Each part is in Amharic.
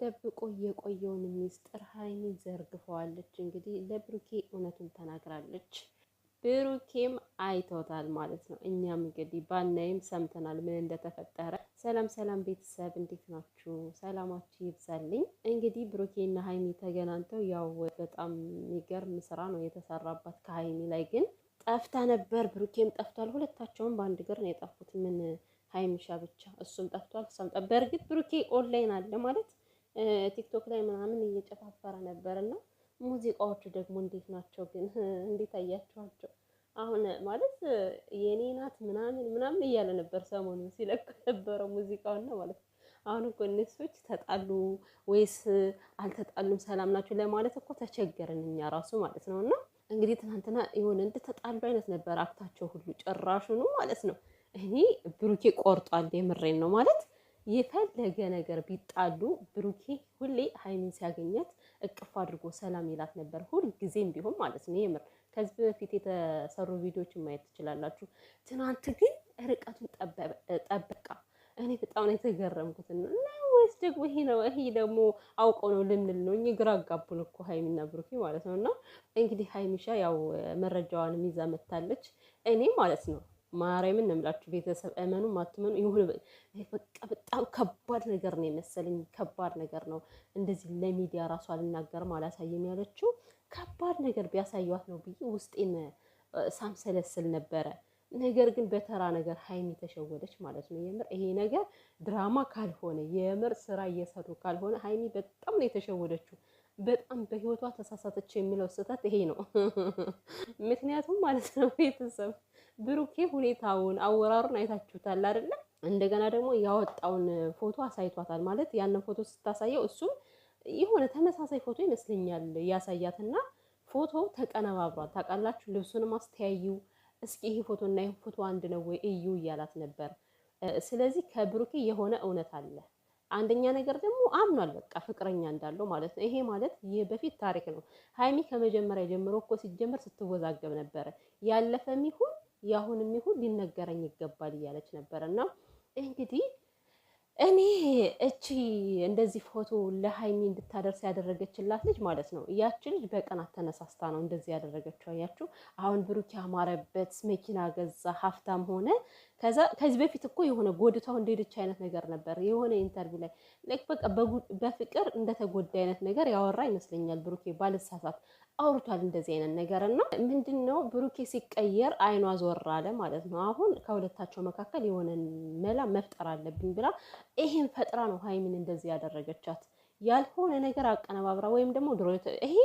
ተደብቆ የቆየውን ሚስጥር ሀይሚ ዘርግፈዋለች። እንግዲህ ለብሩኬ እውነቱን ተናግራለች። ብሩኬም አይቶታል ማለት ነው። እኛም እንግዲህ ባናይም ሰምተናል ምን እንደተፈጠረ። ሰላም ሰላም ቤተሰብ እንዴት ናችሁ? ሰላማችሁ ይብዛልኝ። እንግዲህ ብሩኬና ሀይሚ ተገናንተው ያው በጣም የሚገርም ስራ ነው የተሰራባት ከሀይሚ ላይ ግን ጠፍታ ነበር፣ ብሩኬም ጠፍቷል። ሁለታቸውም በአንድ እግር ነው የጠፉት። ምን ሀይሚሻ ብቻ እሱም ጠፍቷል፣ እሷም ጠፍ በእርግጥ ብሩኬ ኦንላይን አለ ማለት ቲክቶክ ላይ ምናምን እየጨፋፈረ ነበር እና ሙዚቃዎቹ ደግሞ እንዴት ናቸው ግን? እንዴት አያቸዋቸው? አሁን ማለት የኔ ናት ምናምን ምናምን እያለ ነበር ሰሞኑ ሲለቅ ነበረው ሙዚቃውና ማለት አሁን እኮ እነዚህ ሰዎች ተጣሉ ወይስ አልተጣሉም ሰላም ናቸው ለማለት እኮ ተቸገርን እኛ ራሱ ማለት ነው። እና እንግዲህ ትናንትና የሆነ እንደተጣሉ አይነት ነበር አክታቸው ሁሉ ጭራሹኑ ማለት ነው። እኔ ብሩኬ ቆርጧል፣ የምሬን ነው ማለት የፈለገ ነገር ቢጣሉ ብሩኬ ሁሌ ሀይሚን ሲያገኛት እቅፍ አድርጎ ሰላም ይላት ነበር፣ ሁል ሁልጊዜም ቢሆን ማለት ነው። የምር ከዚህ በፊት የተሰሩ ቪዲዮችን ማየት ትችላላችሁ። ትናንት ግን ርቀቱን ጠበቃ። እኔ በጣም ነው የተገረምኩት። ወይስ ደግሞ ይሄ ነው ይሄ ደግሞ አውቀው ነው ልንል ነው? እኛ ግራ አጋቡን እኮ ሀይሚና ብሩኬ ማለት ነው። እና እንግዲህ ሀይሚሻ ያው መረጃዋን ይዛ መታለች። እኔ ማለት ነው ማርያምን ነምላችሁ ቤተሰብ እመኑ ማትመኑ ይሁን በቃ በጣም ከባድ ነገር ነው የመሰለኝ። ከባድ ነገር ነው እንደዚህ ለሚዲያ ራሱ አልናገርም አላሳየም ያለችው ከባድ ነገር ቢያሳየዋት ነው ብዬ ውስጤን ሳምሰለስል ነበረ። ነገር ግን በተራ ነገር ሀይሚ ተሸወደች ማለት ነው። የምር ይሄ ነገር ድራማ ካልሆነ የምር ስራ እየሰሩ ካልሆነ ሀይሚ በጣም ነው የተሸወደችው። በጣም በህይወቷ ተሳሳተች የሚለው ስህተት ይሄ ነው። ምክንያቱም ማለት ነው ቤተሰብ ብሩኬ ሁኔታውን አወራሩን አይታችሁታል አይደለ? እንደገና ደግሞ ያወጣውን ፎቶ አሳይቷታል። ማለት ያንን ፎቶ ስታሳየው እሱም የሆነ ተመሳሳይ ፎቶ ይመስለኛል ያሳያትና ፎቶ ተቀነባብሯል። ታውቃላችሁ፣ ልብሱን አስተያዩ እስኪ ይሄ ፎቶ እና ይሄ ፎቶ አንድ ነው ወይ እዩ እያላት ነበር። ስለዚህ ከብሩኬ የሆነ እውነት አለ። አንደኛ ነገር ደግሞ አምኗል፣ በቃ ፍቅረኛ እንዳለው ማለት ነው። ይሄ ማለት በፊት ታሪክ ነው። ሀይሚ ከመጀመሪያ ጀምሮ እኮ ሲጀመር ስትወዛገብ ነበረ ያለፈም ይሁን የአሁንም ይሁን ሊነገረኝ ይገባል እያለች ነበር። እና እንግዲህ እኔ እቺ እንደዚህ ፎቶ ለሀይሚ እንድታደርስ ያደረገችላት ልጅ ማለት ነው። ያቺ ልጅ በቀናት ተነሳስታ ነው እንደዚህ ያደረገችው። አያችሁ፣ አሁን ብሩክ ያማረበት መኪና ገዛ፣ ሀብታም ሆነ። ከዚህ በፊት እኮ የሆነ ጎድታው እንደሄደች አይነት ነገር ነበር የሆነ ኢንተርቪው ላይ በቃ በፍቅር እንደተጎዳ አይነት ነገር ያወራ ይመስለኛል ብሩኬ ባልሳሳት። አውርቷል እንደዚህ አይነት ነገር እና ምንድን ነው ብሩኬ ሲቀየር አይኗ ዞር አለ ማለት ነው። አሁን ከሁለታቸው መካከል የሆነ መላ መፍጠር አለብኝ ብላ ይሄን ፈጥራ ነው ሀይሚን እንደዚህ ያደረገቻት። ያልሆነ ነገር አቀነባብራ ወይም ደግሞ ድሮ ይሄ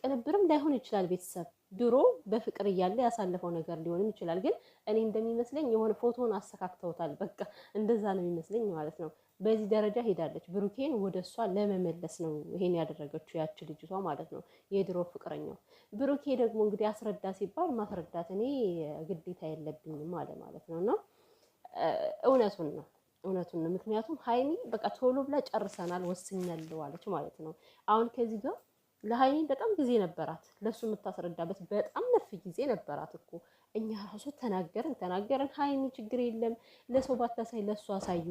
ቅንብርም ላይሆን ይችላል ቤተሰብ ድሮ በፍቅር እያለ ያሳለፈው ነገር ሊሆንም ይችላል። ግን እኔ እንደሚመስለኝ የሆነ ፎቶን አስተካክተውታል። በቃ እንደዛ ነው የሚመስለኝ ማለት ነው። በዚህ ደረጃ ሄዳለች። ብሩኬን ወደ እሷ ለመመለስ ነው ይሄን ያደረገችው ያች ልጅቷ ማለት ነው፣ የድሮ ፍቅረኛው። ብሩኬ ደግሞ እንግዲህ አስረዳ ሲባል ማስረዳት እኔ ግዴታ የለብኝም አለ ማለት ነው። እና እውነቱን ነው እውነቱን ነው። ምክንያቱም ሀይኒ በቃ ቶሎ ብላ ጨርሰናል ወስኛለሁ አለች ማለት ነው። አሁን ከዚህ ጋር ለሀይሚ በጣም ጊዜ ነበራት፣ ለሱ የምታስረዳበት በጣም ነፍ ጊዜ ነበራት እኮ። እኛ ራሱ ተናገርን ተናገርን፣ ሀይሚ ችግር የለም ለሰው ባታሳይ ለሱ አሳዩ።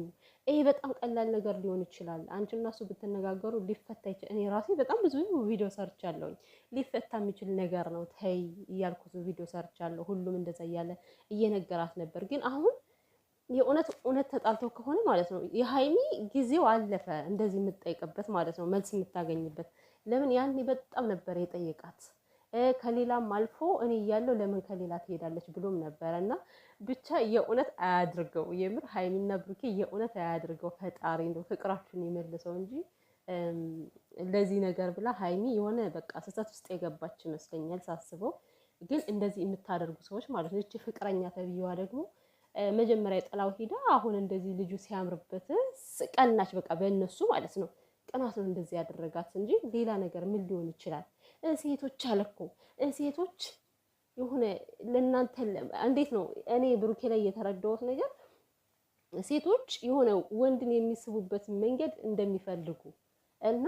ይሄ በጣም ቀላል ነገር ሊሆን ይችላል። አንቺ እና እሱ ብትነጋገሩ ሊፈታ ይችላል። እኔ ራሴ በጣም ብዙ ቪዲዮ ሰርቻለሁኝ። ሊፈታ የሚችል ነገር ነው ተይ እያልኩ ቪዲዮ ሰርቻለሁ። ሁሉም እንደዛ እያለ እየነገራት ነበር ግን አሁን የእውነት እውነት ተጣልቶ ከሆነ ማለት ነው የሀይሚ ጊዜው አለፈ፣ እንደዚህ የምትጠይቅበት ማለት ነው መልስ የምታገኝበት። ለምን ያኔ በጣም ነበረ የጠየቃት ከሌላም አልፎ እኔ እያለው ለምን ከሌላ ትሄዳለች ብሎም ነበረ እና ብቻ የእውነት አያድርገው። የምር ሀይሚና ብሩኬ የእውነት አያድርገው። ፈጣሪ እንደው ፍቅራችሁን የመልሰው እንጂ ለዚህ ነገር ብላ ሀይሚ የሆነ በቃ ስህተት ውስጥ የገባች ይመስለኛል ሳስበው። ግን እንደዚህ የምታደርጉ ሰዎች ማለት ነው ይቺ ፍቅረኛ ተብዬዋ ደግሞ መጀመሪያ ጥላው ሂዳ አሁን እንደዚህ ልጁ ሲያምርበት ቀናች። በቃ በእነሱ ማለት ነው ቅናት ነው እንደዚህ ያደረጋት እንጂ ሌላ ነገር ምን ሊሆን ይችላል? ሴቶች አለኮ ሴቶች የሆነ ለእናንተ እንዴት ነው እኔ ብሩኬ ላይ የተረዳሁት ነገር ሴቶች የሆነ ወንድን የሚስቡበት መንገድ እንደሚፈልጉ እና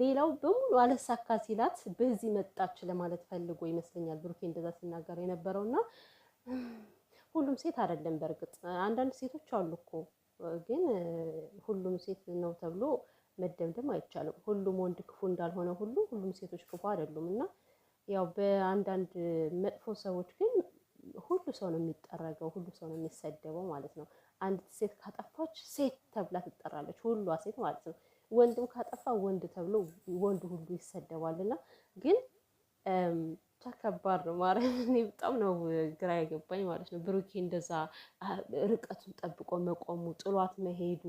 ሌላው በሙሉ አለሳካ ሲላት በዚህ መጣች ለማለት ፈልጎ ይመስለኛል ብሩኬ እንደዛ ሲናገር የነበረውና ሁሉም ሴት አይደለም። በእርግጥ አንዳንድ ሴቶች አሉ እኮ ግን ሁሉም ሴት ነው ተብሎ መደምደም አይቻልም። ሁሉም ወንድ ክፉ እንዳልሆነ ሁሉ ሁሉም ሴቶች ክፉ አይደሉም እና ያው በአንዳንድ መጥፎ ሰዎች ግን ሁሉ ሰው ነው የሚጠረገው፣ ሁሉ ሰው ነው የሚሰደበው ማለት ነው። አንዲት ሴት ካጠፋች ሴት ተብላ ትጠራለች፣ ሁሏ ሴት ማለት ነው። ወንድም ካጠፋ ወንድ ተብሎ ወንድ ሁሉ ይሰደባል ና ግን ከባድ ነው። ማለት በጣም ነው ግራ የገባኝ ማለት ነው። ብሩኬ እንደዛ ርቀቱን ጠብቆ መቆሙ፣ ጥሏት መሄዱ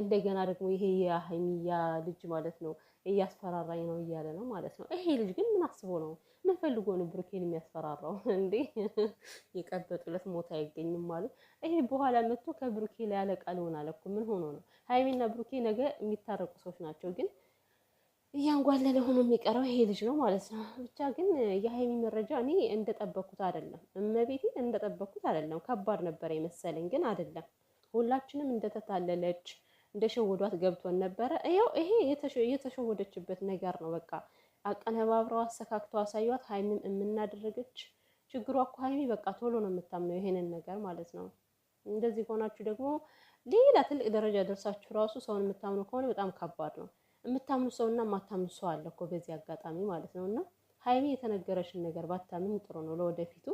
እንደገና ደግሞ ይሄ የሀይሚያ ልጅ ማለት ነው እያስፈራራኝ ነው እያለ ነው ማለት ነው። ይሄ ልጅ ግን ምን አስቦ ነው? ምን ፈልጎ ነው ብሩኬን የሚያስፈራራው እንዴ? የቀበጡለት ሞት አይገኝም ማለት ይሄ። በኋላ መጥቶ ከብሩኬ ላይ ያለቃል ሆናል እኮ ምን ሆኖ ነው? ሀይሚና ብሩኬ ነገ የሚታረቁ ሰዎች ናቸው ግን እያንጓለለ ሆኖ የሚቀረው ይሄ ልጅ ነው ማለት ነው። ብቻ ግን የሀይሚ መረጃ እኔ እንደጠበኩት አይደለም፣ እመቤቴን እንደጠበኩት አይደለም። ከባድ ነበር የመሰለኝ ግን አይደለም። ሁላችንም እንደተታለለች እንደሸወዷት ገብቶን ነበረ። ያው ይሄ የተሸወደችበት ነገር ነው። በቃ አቀነባብረው አስተካክተው አሳዩት። ሀይሚም የምናደረገች ችግሯ እኮ ሀይሚ በቃ ቶሎ ነው የምታምነው ይሄንን ነገር ማለት ነው። እንደዚህ ከሆናችሁ ደግሞ ሌላ ትልቅ ደረጃ ደርሳችሁ ራሱ ሰውን የምታምኑ ከሆነ በጣም ከባድ ነው። የምታምኑ ሰው እና የማታምኑ ሰው አለ እኮ በዚህ አጋጣሚ ማለት ነው። እና ሀይሚ የተነገረሽን ነገር ባታምን ጥሩ ነው ለወደፊቱ